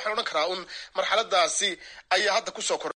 waxaan odhan karaa un marxaladaasi ayaa hadda kusoo kor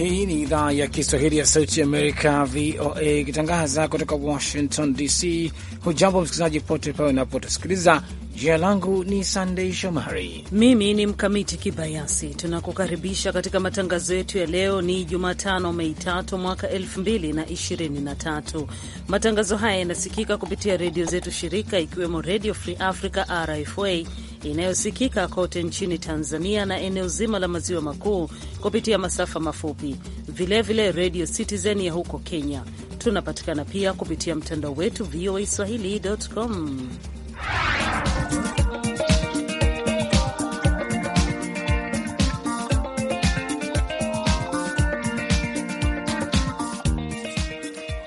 Hii ni idhaa ya Kiswahili ya Sauti ya Amerika, VOA, ikitangaza kutoka Washington DC. Hujambo msikilizaji pote pale unapotusikiliza. Jina langu ni Sandei Shomari, mimi ni Mkamiti Kibayasi. Tunakukaribisha katika matangazo yetu ya leo. Ni Jumatano, Mei tatu mwaka 223 Matangazo haya yanasikika kupitia redio zetu shirika, ikiwemo Redio Free Africa RFA inayosikika kote nchini Tanzania na eneo zima la maziwa makuu kupitia masafa mafupi, vilevile Redio Citizen ya huko Kenya. Tunapatikana pia kupitia mtandao wetu voa swahili.com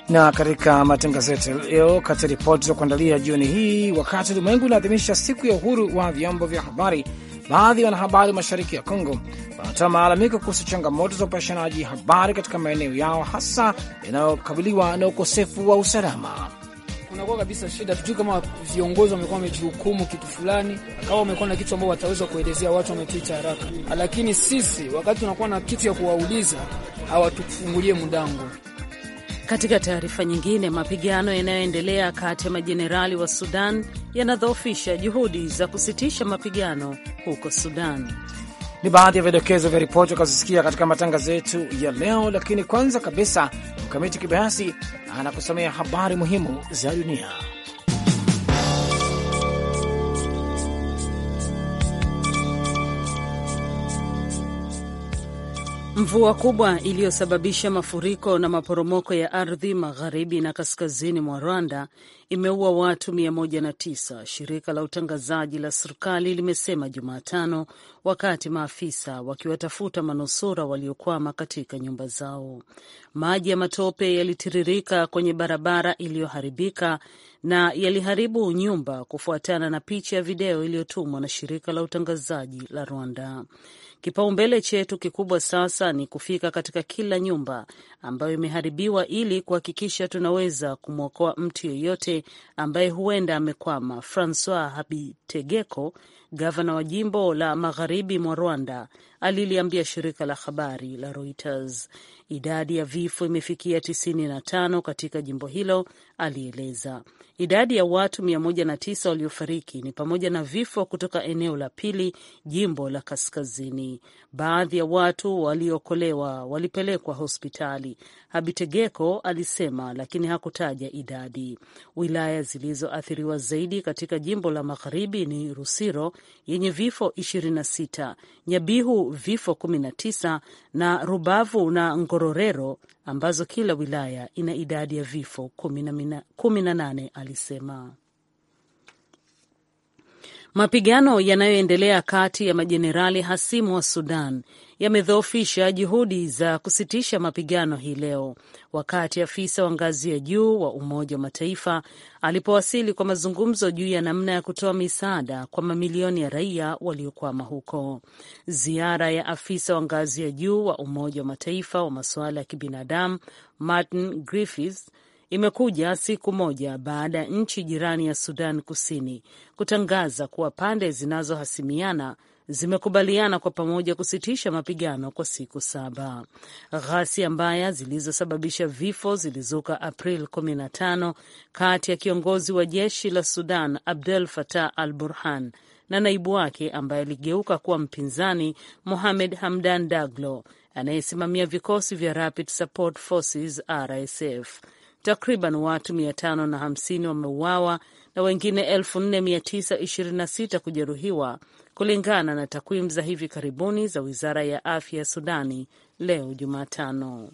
na katika matangazo yetu ya leo, katika ripoti za kuandalia jioni hii, wakati ulimwengu unaadhimisha siku ya uhuru wa vyombo vya habari, baadhi ya wanahabari mashariki ya Kongo wanatoa maalamiko kuhusu changamoto za upashanaji habari katika maeneo yao, hasa yanayokabiliwa na ukosefu wa usalama kunakuwa kabisa shida, tujui kama viongozi wamekuwa wamejihukumu kitu fulani, kama wamekuwa na kitu ambao wataweza kuelezea watu wametuita haraka, lakini sisi wakati tunakuwa na kitu ya kuwauliza hawatufungulie mdango. Katika taarifa nyingine, mapigano yanayoendelea kati ya majenerali wa Sudan yanadhoofisha juhudi za kusitisha mapigano huko Sudan. Ni baadhi ya vidokezo vya ripoti wakazisikia katika matangazo yetu ya leo, lakini kwanza kabisa Mkamiti Kibayasi anakusomea habari muhimu za dunia. Mvua kubwa iliyosababisha mafuriko na maporomoko ya ardhi magharibi na kaskazini mwa Rwanda imeua watu 109, shirika la utangazaji la serikali limesema Jumatano, wakati maafisa wakiwatafuta manusura waliokwama katika nyumba zao. Maji ya matope yalitiririka kwenye barabara iliyoharibika na yaliharibu nyumba, kufuatana na picha ya video iliyotumwa na shirika la utangazaji la Rwanda. Kipaumbele chetu kikubwa sasa ni kufika katika kila nyumba ambayo imeharibiwa ili kuhakikisha tunaweza kumwokoa mtu yeyote ambaye huenda amekwama, Francois Habitegeko, gavana wa jimbo la magharibi mwa Rwanda, aliliambia shirika la habari la Reuters. Idadi ya vifo imefikia 95 katika jimbo hilo, alieleza. Idadi ya watu 109 waliofariki ni pamoja na vifo kutoka eneo la pili, jimbo la kaskazini. Baadhi ya watu waliokolewa walipelekwa hospitali, Habitegeko alisema, lakini hakutaja idadi. Wilaya zilizoathiriwa zaidi katika jimbo la magharibi ni Rusiro yenye vifo 26, Nyabihu vifo 19 na Rubavu na Ngoro Tororero ambazo kila wilaya ina idadi ya vifo kumi na nane, alisema. Mapigano yanayoendelea kati ya majenerali hasimu wa Sudan yamedhoofisha juhudi za kusitisha mapigano hii leo, wakati afisa wa ngazi ya juu wa Umoja wa Mataifa alipowasili kwa mazungumzo juu ya namna ya kutoa misaada kwa mamilioni ya raia waliokwama huko. Ziara ya afisa wa ngazi ya juu wa Umoja wa Mataifa wa masuala ya kibinadamu Martin Griffiths imekuja siku moja baada ya nchi jirani ya Sudan Kusini kutangaza kuwa pande zinazohasimiana zimekubaliana kwa pamoja kusitisha mapigano kwa siku saba. Ghasia mbaya zilizosababisha vifo zilizuka April 15 kati ya kiongozi wa jeshi la Sudan Abdel Fattah al Burhan na naibu wake ambaye aligeuka kuwa mpinzani Mohamed Hamdan Daglo anayesimamia vikosi vya Rapid Support Forces RSF. Takriban watu 550 wameuawa na wengine 4926 kujeruhiwa kulingana na takwimu za hivi karibuni za wizara ya afya ya Sudani leo Jumatano.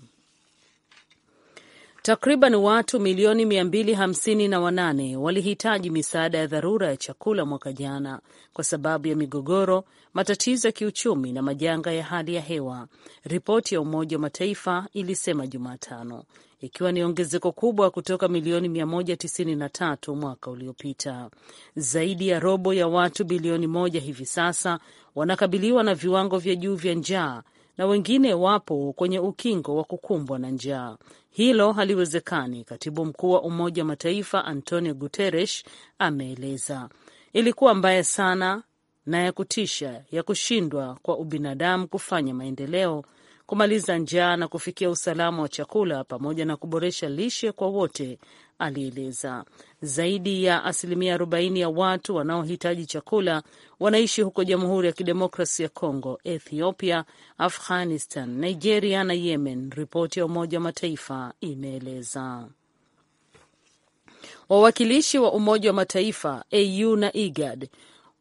Takriban watu milioni 258 walihitaji misaada ya dharura ya chakula mwaka jana kwa sababu ya migogoro, matatizo ya kiuchumi na majanga ya hali ya hewa, ripoti ya Umoja wa Mataifa ilisema Jumatano, ikiwa ni ongezeko kubwa kutoka milioni 193 mwaka uliopita. Zaidi ya robo ya watu bilioni moja hivi sasa wanakabiliwa na viwango vya juu vya njaa na wengine wapo kwenye ukingo wa kukumbwa na njaa. Hilo haliwezekani, katibu mkuu wa Umoja wa Mataifa Antonio Guterres ameeleza. Ilikuwa mbaya sana na ya kutisha ya kushindwa kwa ubinadamu kufanya maendeleo, kumaliza njaa na kufikia usalama wa chakula pamoja na kuboresha lishe kwa wote, alieleza. Zaidi ya asilimia 40 ya watu wanaohitaji chakula wanaishi huko Jamhuri ya Kidemokrasi ya congo Ethiopia, Afghanistan, Nigeria na Yemen, ripoti ya Umoja wa Mataifa imeeleza. Wawakilishi wa Umoja wa Mataifa, AU na IGAD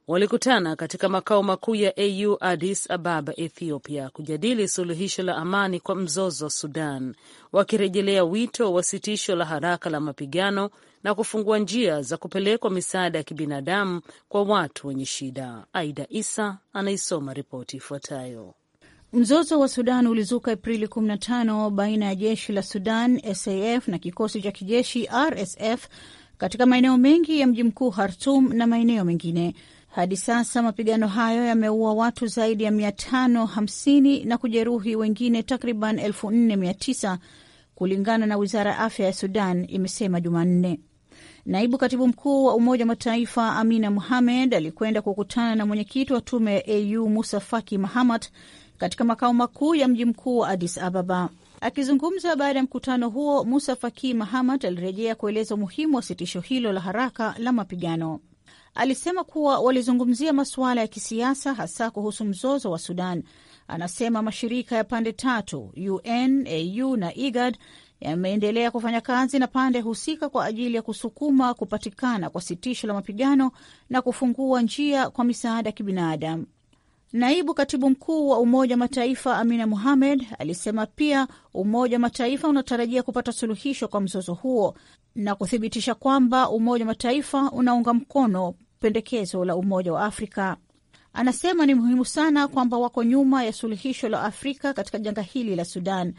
walikutana katika makao makuu ya AU Addis Ababa, Ethiopia, kujadili suluhisho la amani kwa mzozo wa Sudan, wakirejelea wito wa sitisho la haraka la mapigano na kufungua njia za kupelekwa misaada ya kibinadamu kwa watu wenye shida. Aida Isa anaisoma ripoti ifuatayo. Mzozo wa Sudan ulizuka Aprili 15 baina ya jeshi la Sudan SAF na kikosi cha kijeshi RSF katika maeneo mengi ya mji mkuu Khartum na maeneo mengine. Hadi sasa mapigano hayo yameua watu zaidi ya 550 na kujeruhi wengine takriban 4900 kulingana na wizara ya afya ya Sudan imesema Jumanne. Naibu katibu mkuu wa Umoja wa Mataifa Amina Mohamed alikwenda kukutana na mwenyekiti wa tume ya AU Musa Faki Mahamat katika makao makuu ya mji mkuu wa Addis Ababa. Akizungumza baada ya mkutano huo, Musa Faki Mahamat alirejea kueleza umuhimu wa sitisho hilo la haraka la mapigano. Alisema kuwa walizungumzia masuala ya kisiasa hasa kuhusu mzozo wa Sudan. Anasema mashirika ya pande tatu UN, AU na IGAD yameendelea kufanya kazi na pande husika kwa ajili ya kusukuma kupatikana kwa sitisho la mapigano na kufungua njia kwa misaada ya kibinadamu. Naibu katibu mkuu wa Umoja wa Mataifa Amina Mohamed alisema pia Umoja wa Mataifa unatarajia kupata suluhisho kwa mzozo huo na kuthibitisha kwamba Umoja wa Mataifa unaunga mkono pendekezo la Umoja wa Afrika. Anasema ni muhimu sana kwamba wako nyuma ya suluhisho la Afrika katika janga hili la Sudan.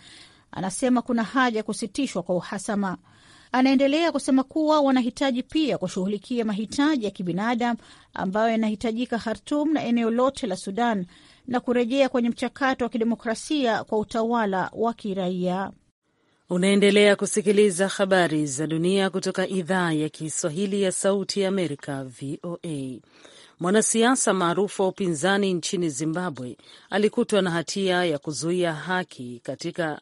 Anasema kuna haja ya kusitishwa kwa uhasama. Anaendelea kusema kuwa wanahitaji pia kushughulikia mahitaji ya kibinadamu ambayo yanahitajika Khartum na eneo lote la Sudan na kurejea kwenye mchakato wa kidemokrasia kwa utawala wa kiraia. Unaendelea kusikiliza habari za dunia kutoka idhaa ya Kiswahili ya Sauti ya Amerika, VOA. Mwanasiasa maarufu wa upinzani nchini Zimbabwe alikutwa na hatia ya kuzuia haki katika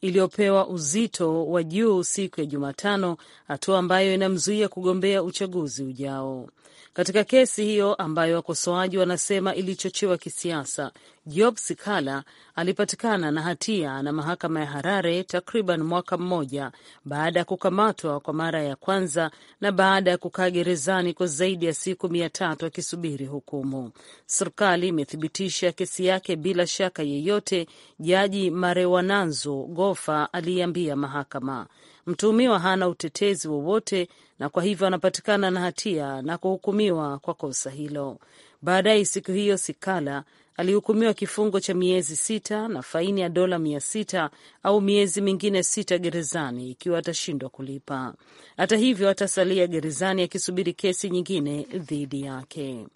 iliyopewa uzito wa juu siku ya Jumatano, hatua ambayo inamzuia kugombea uchaguzi ujao. Katika kesi hiyo ambayo wakosoaji wanasema ilichochewa kisiasa, Job Sikala alipatikana na hatia na mahakama ya Harare takriban mwaka mmoja baada ya kukamatwa kwa mara ya kwanza na baada ya kukaa gerezani kwa zaidi ya siku mia tatu akisubiri hukumu. Serikali imethibitisha kesi yake bila shaka yeyote, Jaji Marewananzo Gofa aliambia mahakama. Mtuhumiwa hana utetezi wowote na kwa hivyo anapatikana na hatia na kuhukumiwa kwa kosa hilo. Baadaye siku hiyo Sikala alihukumiwa kifungo cha miezi sita na faini ya dola mia sita au miezi mingine sita gerezani ikiwa atashindwa kulipa. Hata hivyo, atasalia gerezani akisubiri kesi nyingine dhidi yake.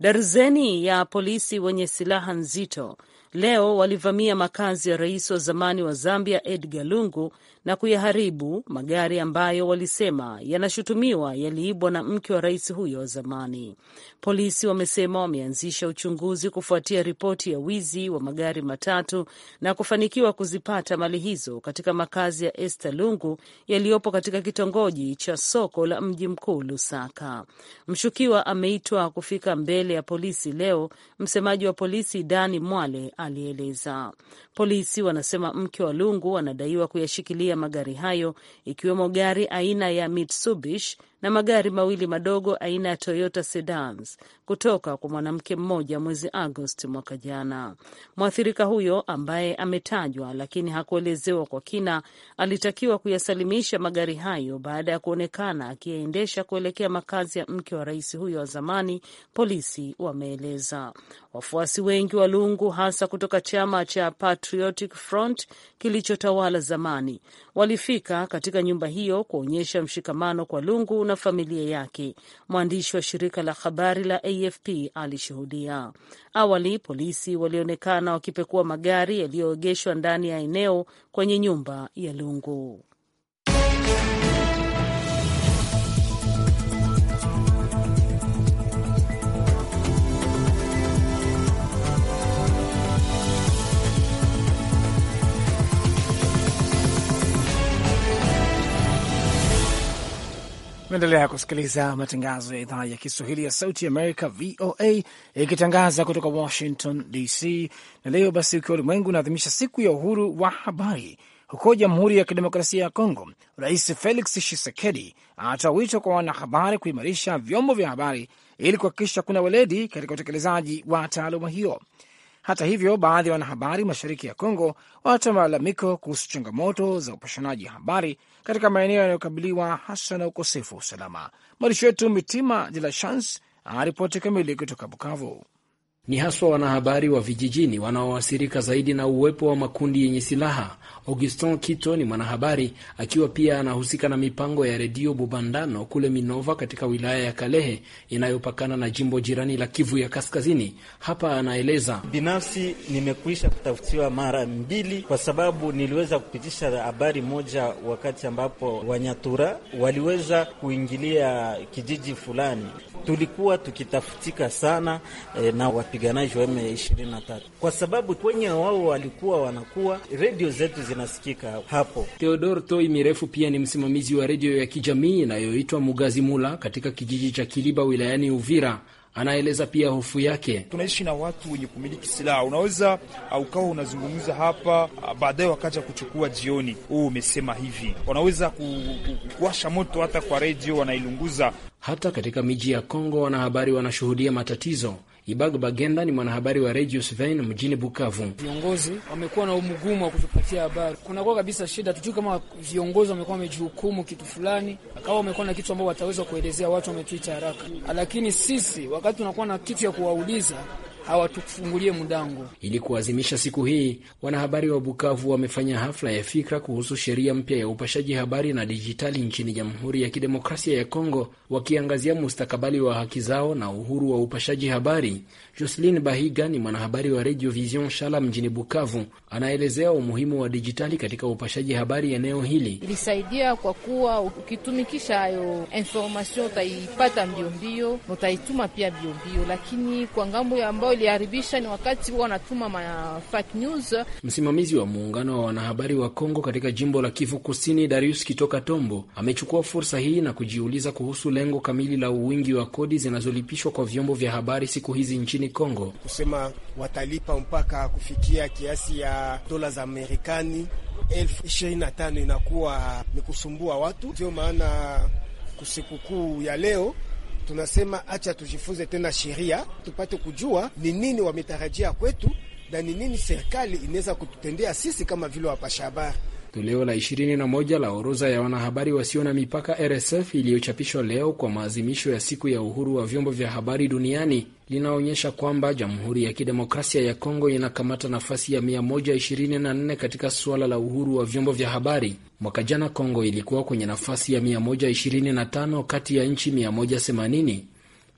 Darzeni ya polisi wenye silaha nzito leo walivamia makazi ya rais wa zamani wa Zambia Edgar Lungu na kuyaharibu magari ambayo walisema yanashutumiwa yaliibwa na mke wa rais huyo wa zamani. Polisi wamesema wameanzisha uchunguzi kufuatia ripoti ya wizi wa magari matatu na kufanikiwa kuzipata mali hizo katika makazi ya Esther Lungu yaliyopo katika kitongoji cha soko la mji mkuu Lusaka. Mshukiwa ameitwa kufika mbele ya polisi leo. Msemaji wa polisi Dani Mwale alieleza. Polisi wanasema mke wa Lungu anadaiwa kuyashikilia magari hayo ikiwemo gari aina ya Mitsubishi na magari mawili madogo aina ya Toyota sedans kutoka kwa mwanamke mmoja mwezi Agosti mwaka jana. Mwathirika huyo ambaye ametajwa lakini hakuelezewa kwa kina, alitakiwa kuyasalimisha magari hayo baada ya kuonekana akiyaendesha kuelekea makazi ya mke wa rais huyo wa zamani, polisi wameeleza. Wafuasi wengi wa Lungu, hasa kutoka chama cha Patriotic Front kilichotawala zamani, walifika katika nyumba hiyo kuonyesha mshikamano kwa Lungu na familia yake, mwandishi wa shirika la habari la AFP alishuhudia. Awali polisi walionekana wakipekua magari yaliyoegeshwa ndani ya eneo kwenye nyumba ya Lungu. Unaendelea kusikiliza matangazo ya idhaa ya Kiswahili ya Sauti Amerika, VOA, ikitangaza kutoka Washington DC. Na leo basi, ukiwa ulimwengu unaadhimisha siku ya uhuru wa habari, huko Jamhuri ya Kidemokrasia ya Kongo, Rais Felix Tshisekedi anatoa wito kwa wanahabari kuimarisha vyombo vya habari ili kuhakikisha kuna weledi katika utekelezaji wa taaluma hiyo. Hata hivyo, baadhi ya wanahabari mashariki ya Kongo wanatoa malalamiko kuhusu changamoto za upashanaji habari katika maeneo yanayokabiliwa hasa na ukosefu wa usalama. Mwandishi wetu Mitima De La Chance anaripoti kamili kutoka Bukavu. Ni haswa wanahabari wa vijijini wanaoathirika zaidi na uwepo wa makundi yenye silaha. Augustin Kito ni mwanahabari akiwa pia anahusika na mipango ya redio Bubandano kule Minova katika wilaya ya Kalehe inayopakana na jimbo jirani la Kivu ya Kaskazini. Hapa anaeleza: binafsi nimekwisha kutafutiwa mara mbili, kwa sababu niliweza kupitisha habari moja wakati ambapo Wanyatura waliweza kuingilia kijiji fulani, tulikuwa tukitafutika sana e, na wapiganaji wa M23 kwa sababu kwenye wao walikuwa wanakuwa, redio zetu zinasikika hapo. Theodor Toi Mirefu pia ni msimamizi wa redio ya kijamii inayoitwa mugazi mula katika kijiji cha Kiliba wilayani Uvira. Anaeleza pia hofu yake. Tunaishi na watu wenye kumiliki silaha, unaweza ah, ukawa unazungumza hapa, ah, baadaye wakaja kuchukua jioni, huu umesema hivi, wanaweza kuwasha moto hata kwa redio, wanailunguza hata katika miji ya Kongo wanahabari wanashuhudia matatizo. Ibag Bagenda ni mwanahabari wa Radio Sven mjini Bukavu. Viongozi wamekuwa na umugumu wa kutupatia habari, kunakuwa kabisa shida. Tujui kama viongozi wamekuwa wamejihukumu kitu fulani, akawa wamekuwa na kitu ambao wataweza kuelezea watu wametuita haraka, lakini sisi wakati tunakuwa na kitu ya kuwauliza hawatufungulie mdango. Ili kuazimisha siku hii, wanahabari wa Bukavu wamefanya hafla ya fikra kuhusu sheria mpya ya upashaji habari na dijitali nchini Jamhuri ya Kidemokrasia ya Kongo, wakiangazia mustakabali wa haki zao na uhuru wa upashaji habari. Jocelyn Bahiga ni mwanahabari wa Radio Vision Shala mjini Bukavu, anaelezea umuhimu wa dijitali katika upashaji habari eneo hili. Ilisaidia kwa kuwa ukitumikisha hayo informasion utaipata mbiombio, utaituma pia mbiombio, lakini kwa ngambo ambayo iliharibisha ni wakati huwa wanatuma ma fake news. Msimamizi wa muungano wa wanahabari wa Kongo katika jimbo la Kivu Kusini, Darius Kitoka Tombo, amechukua fursa hii na kujiuliza kuhusu lengo kamili la uwingi wa kodi zinazolipishwa kwa vyombo vya habari siku hizi nchini Kongo, kusema watalipa mpaka kufikia kiasi ya dola za Amerikani elfu ishirini na tano inakuwa ni kusumbua watu, ndio maana kusikukuu ya leo tunasema acha tujifunze tena sheria, tupate kujua ni nini wametarajia kwetu na ni nini serikali inaweza kututendea sisi kama vile wapasha habari. Toleo la 21 la orodha ya wanahabari wasio na mipaka RSF iliyochapishwa leo kwa maadhimisho ya siku ya uhuru wa vyombo vya habari duniani linaonyesha kwamba Jamhuri ya Kidemokrasia ya Kongo inakamata nafasi ya 124 katika suala la uhuru wa vyombo vya habari. Mwaka jana Kongo ilikuwa kwenye nafasi ya 125 kati ya nchi 180.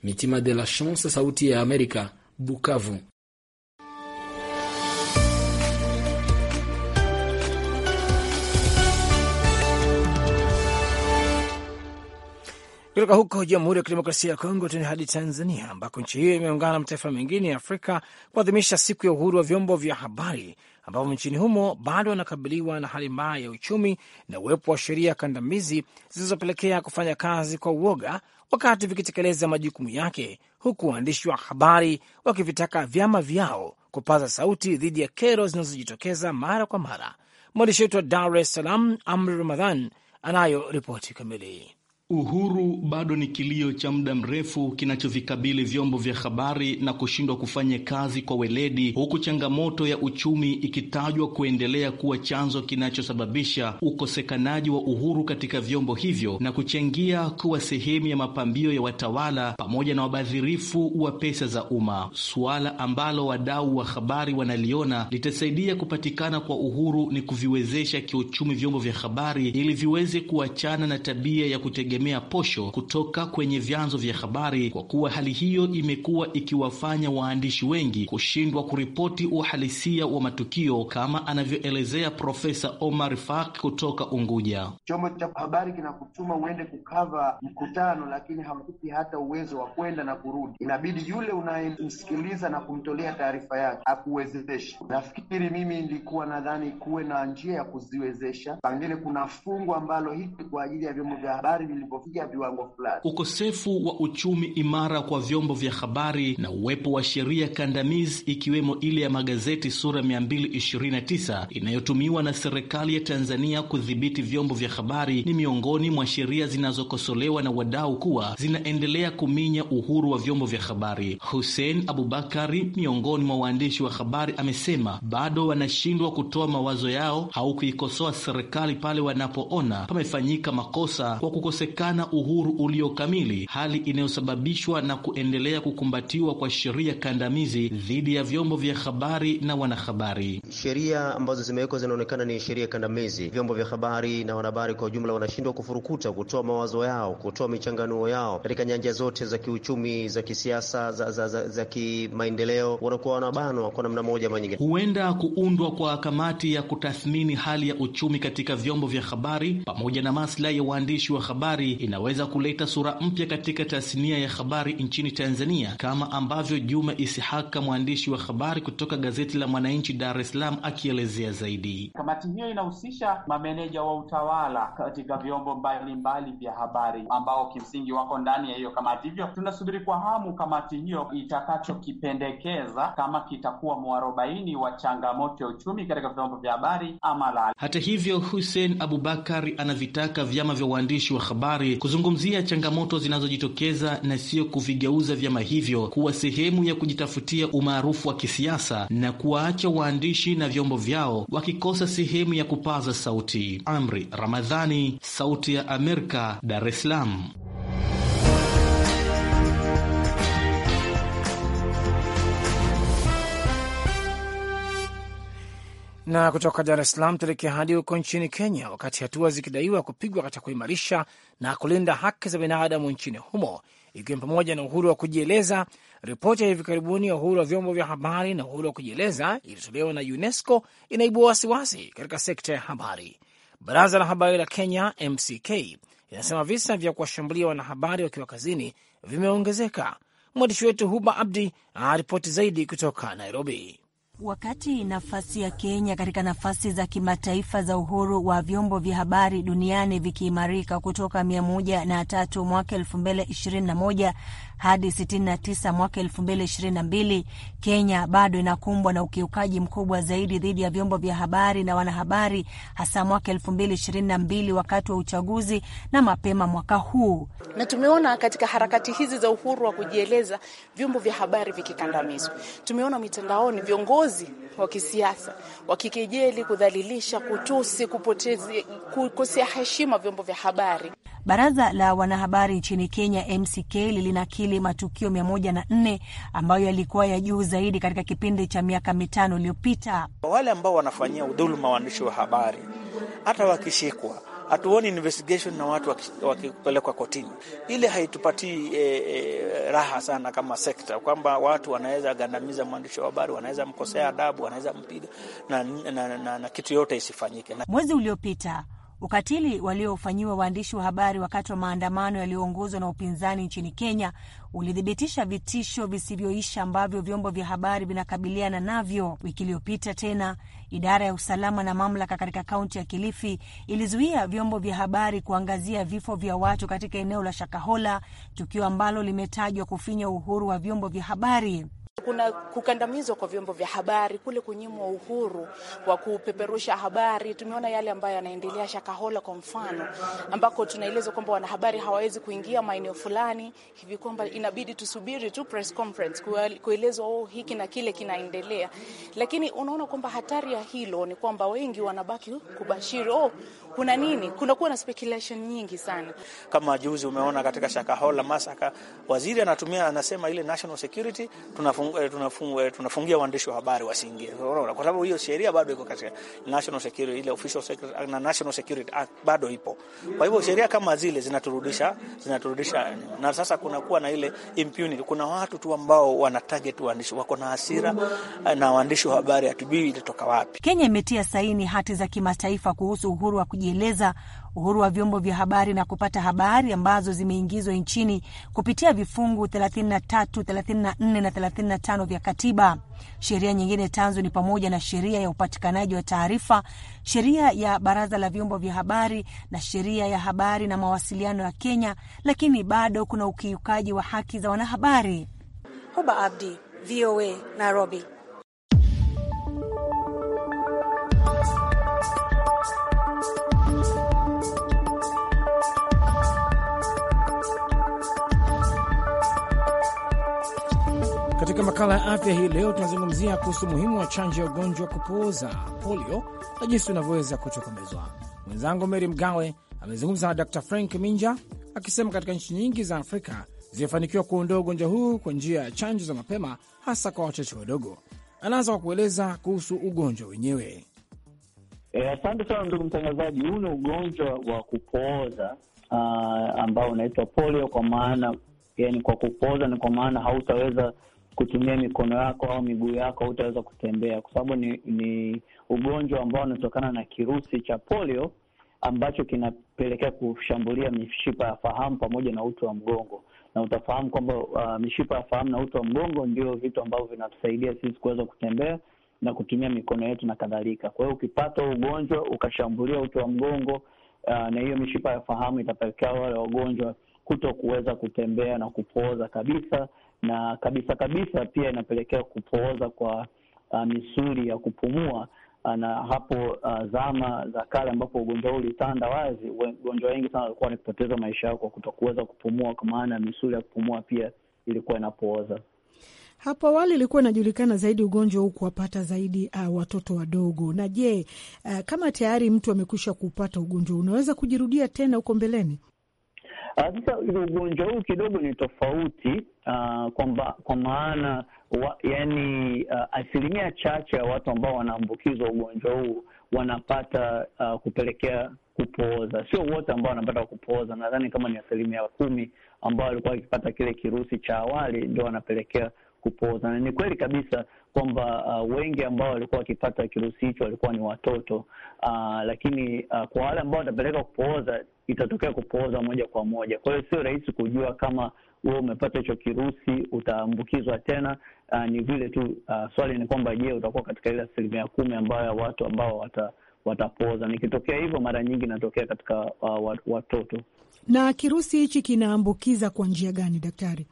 Mitima de la Chance, Sauti ya Amerika, Bukavu. Kutoka huko Jamhuri ya Kidemokrasia ya Kongo tuni hadi Tanzania, ambako nchi hiyo imeungana na mataifa mengine ya Afrika kuadhimisha siku ya uhuru wa vyombo vya habari, ambapo nchini humo bado wanakabiliwa na hali mbaya ya uchumi na uwepo wa sheria kandamizi zilizopelekea kufanya kazi kwa uoga wakati vikitekeleza majukumu yake, huku waandishi wa habari wakivitaka vyama vyao kupaza sauti dhidi ya kero zinazojitokeza mara kwa mara. Mwandishi wetu wa Dar es Salaam, Amri Ramadhan, anayo ripoti kamili. Uhuru bado ni kilio cha muda mrefu kinachovikabili vyombo vya habari na kushindwa kufanya kazi kwa weledi, huku changamoto ya uchumi ikitajwa kuendelea kuwa chanzo kinachosababisha ukosekanaji wa uhuru katika vyombo hivyo na kuchangia kuwa sehemu ya mapambio ya watawala pamoja na wabadhirifu wa pesa za umma, suala ambalo wadau wa habari wanaliona litasaidia kupatikana kwa uhuru ni kuviwezesha kiuchumi vyombo vya habari ili viweze kuachana na tabia ya kutegemea kutegemea posho kutoka kwenye vyanzo vya habari kwa kuwa hali hiyo imekuwa ikiwafanya waandishi wengi kushindwa kuripoti uhalisia wa matukio kama anavyoelezea Profesa Omar Fak kutoka Unguja. Chombo cha habari kinakutuma uende kukava mkutano, lakini hakupi hata uwezo wa kwenda na kurudi. Inabidi yule unayemsikiliza na kumtolea taarifa yake akuwezeshe. Nafikiri mimi nilikuwa nadhani kuwe na njia ya kuziwezesha, pengine kuna fungu ambalo hiki kwa ajili ya vyombo vya habari ilipofikia viwango fulani. Ukosefu wa uchumi imara kwa vyombo vya habari na uwepo wa sheria kandamizi ikiwemo ile ya magazeti sura 229 inayotumiwa na serikali ya Tanzania kudhibiti vyombo vya habari ni miongoni mwa sheria zinazokosolewa na wadau kuwa zinaendelea kuminya uhuru wa vyombo vya habari. Hussein Abubakari, miongoni mwa waandishi wa habari, amesema bado wanashindwa kutoa mawazo yao au kuikosoa serikali pale wanapoona pamefanyika makosa kwa kukosekana kupatikana uhuru ulio kamili, hali inayosababishwa na kuendelea kukumbatiwa kwa sheria kandamizi dhidi ya vyombo vya habari na wanahabari. Sheria ambazo zimewekwa zinaonekana ni sheria kandamizi. Vyombo vya habari na wanahabari kwa ujumla wanashindwa kufurukuta, kutoa mawazo yao, kutoa michanganuo yao katika nyanja zote za kiuchumi, za kisiasa, za, za, za, za kimaendeleo. Wanakuwa wanabanwa kwa namna moja ama nyingine. Huenda kuundwa kwa kamati ya kutathmini hali ya uchumi katika vyombo vya habari pamoja na maslahi ya waandishi wa habari habari inaweza kuleta sura mpya katika tasnia ya habari nchini Tanzania, kama ambavyo Juma Isihaka, mwandishi wa habari kutoka gazeti la Mwananchi Dar es Salaam, akielezea zaidi. Kamati hiyo inahusisha mameneja wa utawala katika vyombo mbalimbali vya habari ambao kimsingi wako ndani ya hiyo kamati, hivyo tunasubiri kwa hamu kamati hiyo itakachokipendekeza kama kitakuwa mwarobaini wa changamoto ya uchumi katika vyombo vya habari ama la. Hata hivyo, Hussein Abubakari anavitaka vyama vya uandishi wa habari habari kuzungumzia changamoto zinazojitokeza na sio kuvigeuza vyama hivyo kuwa sehemu ya kujitafutia umaarufu wa kisiasa na kuwaacha waandishi na vyombo vyao wakikosa sehemu ya kupaza sauti. Amri Ramadhani, Sauti ya Amerika, Dar es Salaam. Na kutoka Dar es Salaam tuelekea hadi huko nchini Kenya, wakati hatua zikidaiwa kupigwa katika kuimarisha na kulinda haki za binadamu nchini humo, ikiwa ni pamoja na uhuru wa kujieleza. Ripoti ya hivi karibuni ya uhuru wa vyombo vya habari na uhuru wa kujieleza iliyotolewa na UNESCO inaibua wasiwasi katika sekta ya habari. Baraza la habari la Kenya, MCK, inasema visa vya kuwashambulia wanahabari wakiwa kazini vimeongezeka. Mwandishi wetu Huba Abdi aripoti zaidi kutoka Nairobi. Wakati nafasi ya Kenya katika nafasi za kimataifa za uhuru wa vyombo vya habari duniani vikiimarika kutoka mia moja na tatu mwaka elfu mbili ishirini na moja hadi sitini na tisa mwaka elfu ishirini na mbili Kenya bado inakumbwa na ukiukaji mkubwa zaidi dhidi ya vyombo vya habari na wanahabari, hasa mwaka elfu mbili ishirini na mbili wakati wa uchaguzi na mapema mwaka huu. Na tumeona katika harakati hizi za uhuru wa kujieleza vyombo vya habari vikikandamizwa. Tumeona mitandaoni viongozi viongozi wa kisiasa wakikejeli, kudhalilisha, kutusi, kupotezi, kukosea heshima vyombo vya habari. Baraza la wanahabari nchini Kenya, MCK, lilinakili matukio 104 ambayo yalikuwa ya juu zaidi katika kipindi cha miaka mitano iliyopita. Wale ambao wanafanyia udhuluma waandishi wa habari hata wakishikwa hatuoni investigation na watu wakipelekwa kotini. Ile haitupatii e, e, raha sana kama sekta, kwamba watu wanaweza gandamiza mwandishi wa habari, wanaweza mkosea adabu, wanaweza mpiga na, na, na, na, na kitu yote isifanyike mwezi uliopita Ukatili waliofanyiwa waandishi wa habari wakati wa maandamano yaliyoongozwa na upinzani nchini Kenya ulithibitisha vitisho visivyoisha ambavyo vyombo vya habari vinakabiliana navyo. Wiki iliyopita tena, idara ya usalama na mamlaka katika kaunti ya Kilifi ilizuia vyombo vya habari kuangazia vifo vya watu katika eneo la Shakahola, tukio ambalo limetajwa kufinya uhuru wa vyombo vya habari. Kuna kukandamizwa kwa vyombo vya habari, kule kunyimwa uhuru wa kupeperusha habari. Tumeona yale ambayo yanaendelea Shakahola kwa mfano, ambako tunaelezwa kwamba wanahabari hawawezi kuingia maeneo fulani, hivi kwamba inabidi tusubiri tu press conference kuelezwa oh, hiki na kile kinaendelea. Lakini unaona kwamba hatari ya hilo ni kwamba wengi wanabaki kubashiri, oh, kuna nini? Kunakuwa na speculation nyingi sana. Kama juzi umeona katika Shakahola masaka, waziri anatumia anasema ile national security tuna Eh, eh, tunafungia tunafung, tunafung waandishi wa habari wasiingie, unaona, kwa sababu hiyo sheria bado iko katika national security, ile official secret, na national security act bado ipo. Kwa hivyo sheria kama zile zinaturudisha zinaturudisha, na sasa kuna kuwa na ile impunity. Kuna watu tu ambao wana target waandishi, wako na hasira eh, na waandishi wa habari, hatujui ilitoka wapi. Kenya imetia saini hati za kimataifa kuhusu uhuru wa kujieleza uhuru wa vyombo vya habari na kupata habari ambazo zimeingizwa nchini kupitia vifungu 33, 34 na 35 vya katiba. Sheria nyingine tanzu ni pamoja na sheria ya upatikanaji wa taarifa, sheria ya baraza la vyombo vya habari na sheria ya habari na mawasiliano ya Kenya, lakini bado kuna ukiukaji wa haki za wanahabari. Huba Abdi, VOA, Nairobi. Katika makala ya afya hii leo tunazungumzia kuhusu umuhimu wa chanjo ya ugonjwa wa kupooza polio na jinsi unavyoweza kutokomezwa. Mwenzangu Meri Mgawe amezungumza na Dr Frank Minja akisema katika nchi nyingi za Afrika zimefanikiwa kuondoa ugonjwa huu kwa njia ya chanjo za mapema, hasa kwa watoto wadogo. Anaanza kwa kueleza kuhusu ugonjwa wenyewe. Eh, asante sana ndugu mtangazaji. Huu ni ugonjwa wa kupooza uh, ambao unaitwa polio, kwa maana yani kwa kupooza ni kwa maana hautaweza kutumia mikono yako au miguu yako utaweza kutembea, kwa sababu ni, ni ugonjwa ambao unatokana na kirusi cha polio ambacho kinapelekea kushambulia mishipa ya fahamu pamoja na uti wa mgongo, na utafahamu kwamba uh, mishipa ya fahamu na uti wa mgongo ndio vitu ambavyo vinatusaidia sisi kuweza kutembea na kutumia mikono yetu na kadhalika. Kwa hiyo ukipata ugonjwa ukashambulia uti wa mgongo uh, na hiyo mishipa ya fahamu itapelekea wale wagonjwa kuto kuweza kutembea na kupooza kabisa na kabisa kabisa pia inapelekea kupooza kwa uh, misuli ya kupumua uh, na hapo uh, zama za kale ambapo ugonjwa huu ulitanda wazi, wagonjwa wengi sana walikuwa wanapoteza maisha yao kwa kutokuweza kupumua, kwa maana misuli ya kupumua pia ilikuwa inapooza. Hapo awali ilikuwa inajulikana zaidi ugonjwa huu kuwapata zaidi uh, watoto wadogo. Na je, uh, kama tayari mtu amekwisha kuupata ugonjwa, unaweza kujirudia tena huko mbeleni? Sasa ugonjwa huu kidogo ni tofauti uh, kwamba kwa maana wa, yani uh, asilimia chache ya watu ambao wanaambukizwa ugonjwa huu wanapata uh, kupelekea kupooza. Sio wote ambao wanapata kupooza, nadhani kama ni asilimia kumi ambao walikuwa wakipata kile kirusi cha awali ndio wanapelekea kupooza, na ni kweli kabisa kwamba uh, wengi ambao walikuwa wakipata kirusi hicho walikuwa ni watoto uh, lakini uh, kwa wale ambao watapeleka kupooza itatokea kupooza moja kwa moja. Kwa hiyo sio rahisi kujua kama wewe umepata hicho kirusi utaambukizwa tena. Uh, ni vile tu uh, swali ni kwamba je, utakuwa katika ile asilimia kumi ambayo ya watu ambao wata watapooza. Nikitokea hivyo, mara nyingi inatokea katika uh, watoto. Na kirusi hichi kinaambukiza kwa njia gani, daktari?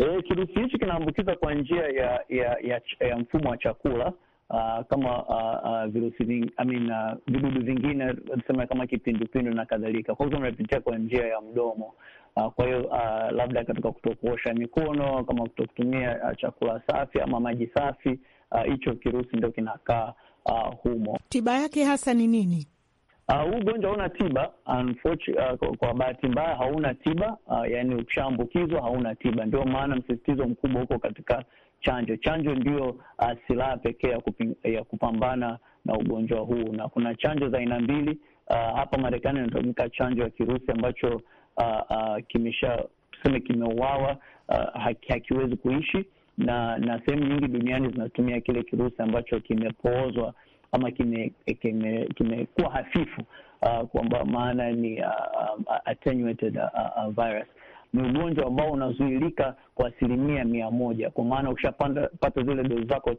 E, kirusi hichi kinaambukiza kwa njia ya ya, ya, ya mfumo wa chakula uh, kama uh, uh, virusi ving, I mean, uh, vidudu vingine tuseme kama kipindupindu na kadhalika. Kwa hivyo unapitia kwa njia ya mdomo uh, kwa hiyo uh, labda katika kutokuosha mikono kama kutokutumia uh, chakula safi ama maji safi hicho uh, kirusi ndio kinakaa uh, humo. Tiba yake hasa ni nini? Ah, huu uh, ugonjwa hauna tiba uh, kwa bahati mbaya hauna tiba uh, yani ukishaambukizwa hauna tiba. Ndio maana msisitizo mkubwa huko katika chanjo. Chanjo ndiyo uh, silaha pekee ya kupambana na ugonjwa huu, na kuna chanjo za aina mbili uh, hapa Marekani inatumika chanjo ya kirusi ambacho uh, uh, kimesha tuseme kimeuawa, uh, hakiwezi kuishi na na sehemu nyingi duniani zinatumia kile kirusi ambacho kimepoozwa ama kimekuwa kime, kime hafifu uh, kwamba maana ni uh, uh, attenuated uh, uh, virus ni ugonjwa ambao unazuilika kwa asilimia mia moja kwa maana ukishapata zile dozi zako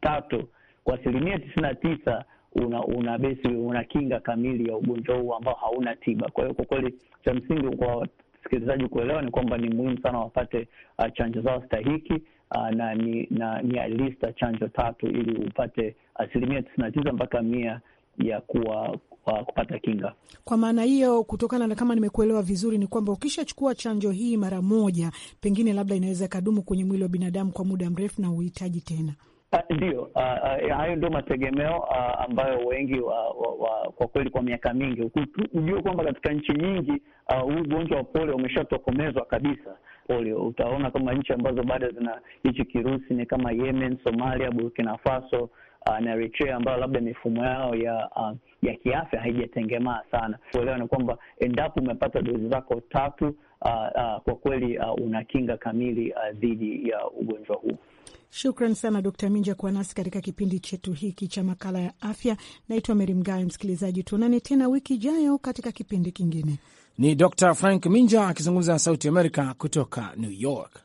tatu kwa asilimia tisini na tisa una una besi una kinga kamili ya ugonjwa huu ambao hauna tiba. Kwa hiyo kwa kweli, cha msingi kwa wasikilizaji kuelewa ni kwamba ni muhimu sana wapate uh, chanjo zao stahiki uh, na ni na, ni at least chanjo tatu ili upate asilimia tisini na tisa mpaka mia ya kuwa wa kupata kinga. Kwa maana hiyo, kutokana na kama nimekuelewa vizuri, ni kwamba ukishachukua chanjo hii mara moja, pengine labda inaweza ikadumu kwenye mwili wa binadamu kwa muda mrefu na uhitaji tena. Ah, Ndiyo, ah, ah, hayo ndio mategemeo ambayo wengi wa, wa, wa, kwa kweli kwa miaka mingi hujue kwamba katika nchi nyingi huu uh, ugonjwa wa polio umeshatokomezwa kabisa. Polio utaona kama nchi ambazo bado zina hichi kirusi ni kama Yemen, Somalia, Burkina Faso uh, na Eritrea ambayo labda mifumo yao ya uh, ya kiafya haijatengemaa sana. Kuelewa ni kwamba endapo umepata dozi zako tatu, uh, uh, kwa kweli uh, una kinga kamili uh, dhidi ya ugonjwa huu. Shukran sana Dkt Minja kuwa nasi katika kipindi chetu hiki cha makala ya afya. Naitwa Meri Mgawe. Msikilizaji, tuonane tena wiki ijayo katika kipindi kingine. Ni Dr Frank Minja akizungumza na Sauti Amerika kutoka New York.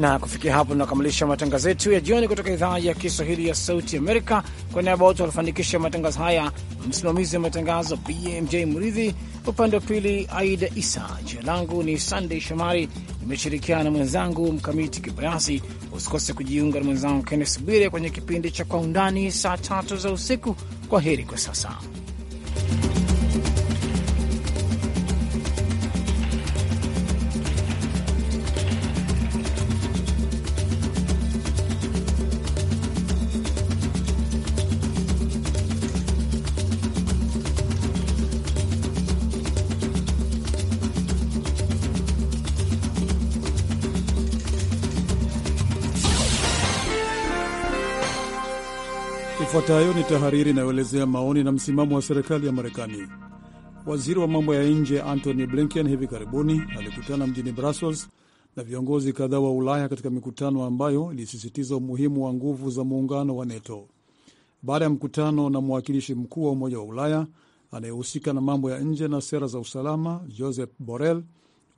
Na kufikia hapo, tunakamilisha matangazo yetu ya jioni kutoka idhaa ya Kiswahili ya Sauti Amerika. Kwa niaba wote walifanikisha matangazo haya, msimamizi wa matangazo BMJ Mridhi, upande wa pili Aida Isa. Jina langu ni Sandey Shomari, nimeshirikiana na mwenzangu Mkamiti Kibayasi. Usikose kujiunga na mwenzangu Kennes Bwire kwenye kipindi cha Kwa Undani saa tatu za usiku. Kwa heri kwa sasa. Ifuatayo ni tahariri inayoelezea maoni na msimamo wa serikali ya Marekani. Waziri wa mambo ya nje Antony Blinken hivi karibuni alikutana mjini Brussels na viongozi kadhaa wa Ulaya katika mikutano ambayo ilisisitiza umuhimu wa nguvu za muungano wa NATO. Baada ya mkutano na mwakilishi mkuu wa Umoja wa Ulaya anayehusika na mambo ya nje na sera za usalama Joseph Borrell,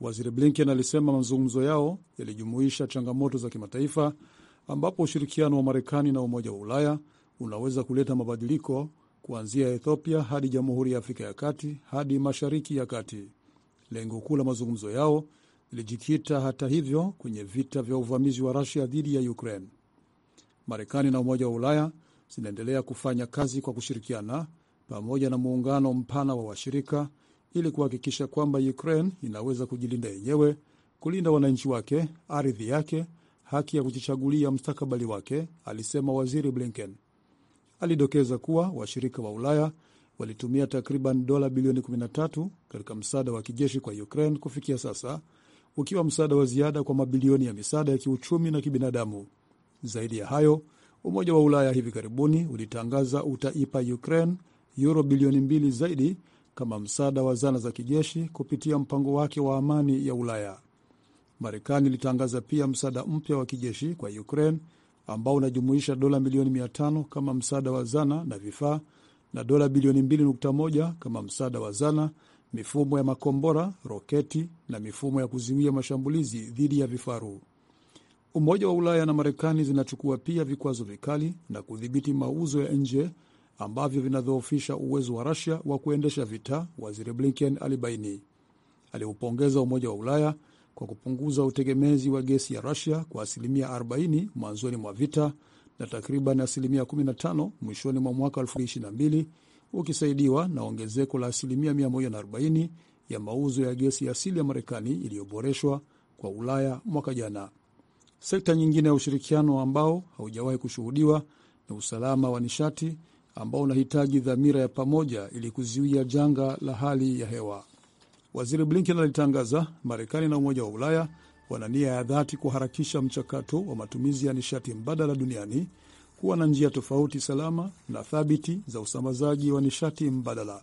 Waziri Blinken alisema mazungumzo yao yalijumuisha changamoto za kimataifa ambapo ushirikiano wa Marekani na Umoja wa Ulaya unaweza kuleta mabadiliko kuanzia Ethiopia hadi Jamhuri ya Afrika ya Kati hadi Mashariki ya Kati. Lengo kuu la mazungumzo yao lilijikita hata hivyo kwenye vita vya uvamizi wa Rusia dhidi ya Ukraine. Marekani na Umoja wa Ulaya zinaendelea kufanya kazi kwa kushirikiana pamoja na muungano mpana wa washirika ili kuhakikisha kwamba Ukraine inaweza kujilinda yenyewe, kulinda wananchi wake, ardhi yake, haki ya kujichagulia mstakabali wake, alisema Waziri Blinken alidokeza kuwa washirika wa Ulaya walitumia takriban dola bilioni 13 katika msaada wa kijeshi kwa Ukraine kufikia sasa, ukiwa msaada wa ziada kwa mabilioni ya misaada ya kiuchumi na kibinadamu. Zaidi ya hayo, Umoja wa Ulaya hivi karibuni ulitangaza utaipa Ukraine euro bilioni mbili zaidi kama msaada wa zana za kijeshi kupitia mpango wake wa amani ya Ulaya. Marekani ilitangaza pia msaada mpya wa kijeshi kwa Ukraine ambao unajumuisha dola milioni 500 kama msaada wa zana na vifaa na dola bilioni 2.1 kama msaada wa zana, mifumo ya makombora, roketi na mifumo ya kuzuia mashambulizi dhidi ya vifaru. Umoja wa Ulaya na Marekani zinachukua pia vikwazo vikali na kudhibiti mauzo ya nje ambavyo vinadhoofisha uwezo wa rasia wa kuendesha vita, Waziri Blinken alibaini. Aliupongeza Umoja wa Ulaya kwa kupunguza utegemezi wa gesi ya Rusia kwa asilimia 40 mwanzoni mwa vita na takriban asilimia 15 mwishoni mwa mwaka 2022 ukisaidiwa na ongezeko la asilimia 140 ya mauzo ya gesi asili ya Marekani iliyoboreshwa kwa Ulaya mwaka jana. Sekta nyingine ya ushirikiano ambao haujawahi kushuhudiwa ni usalama wa nishati ambao unahitaji dhamira ya pamoja ili kuzuia janga la hali ya hewa. Waziri Blinken alitangaza Marekani na Umoja wa Ulaya wana nia ya dhati kuharakisha mchakato wa matumizi ya nishati mbadala duniani, kuwa na njia tofauti salama na thabiti za usambazaji wa nishati mbadala.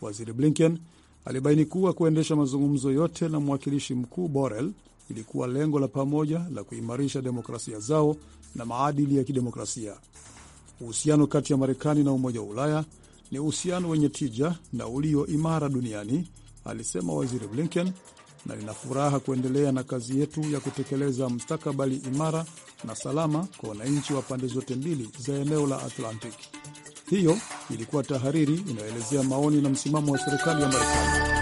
Waziri Blinken alibaini kuwa kuendesha mazungumzo yote na mwakilishi mkuu Borel ilikuwa lengo la pamoja la kuimarisha demokrasia zao na maadili ya kidemokrasia. Uhusiano kati ya Marekani na Umoja wa Ulaya ni uhusiano wenye tija na ulio imara duniani alisema Waziri Blinken, na lina furaha kuendelea na kazi yetu ya kutekeleza mustakabali imara na salama kwa wananchi wa pande zote mbili za eneo la Atlantic. Hiyo ilikuwa tahariri inayoelezea maoni na msimamo wa serikali ya Marekani.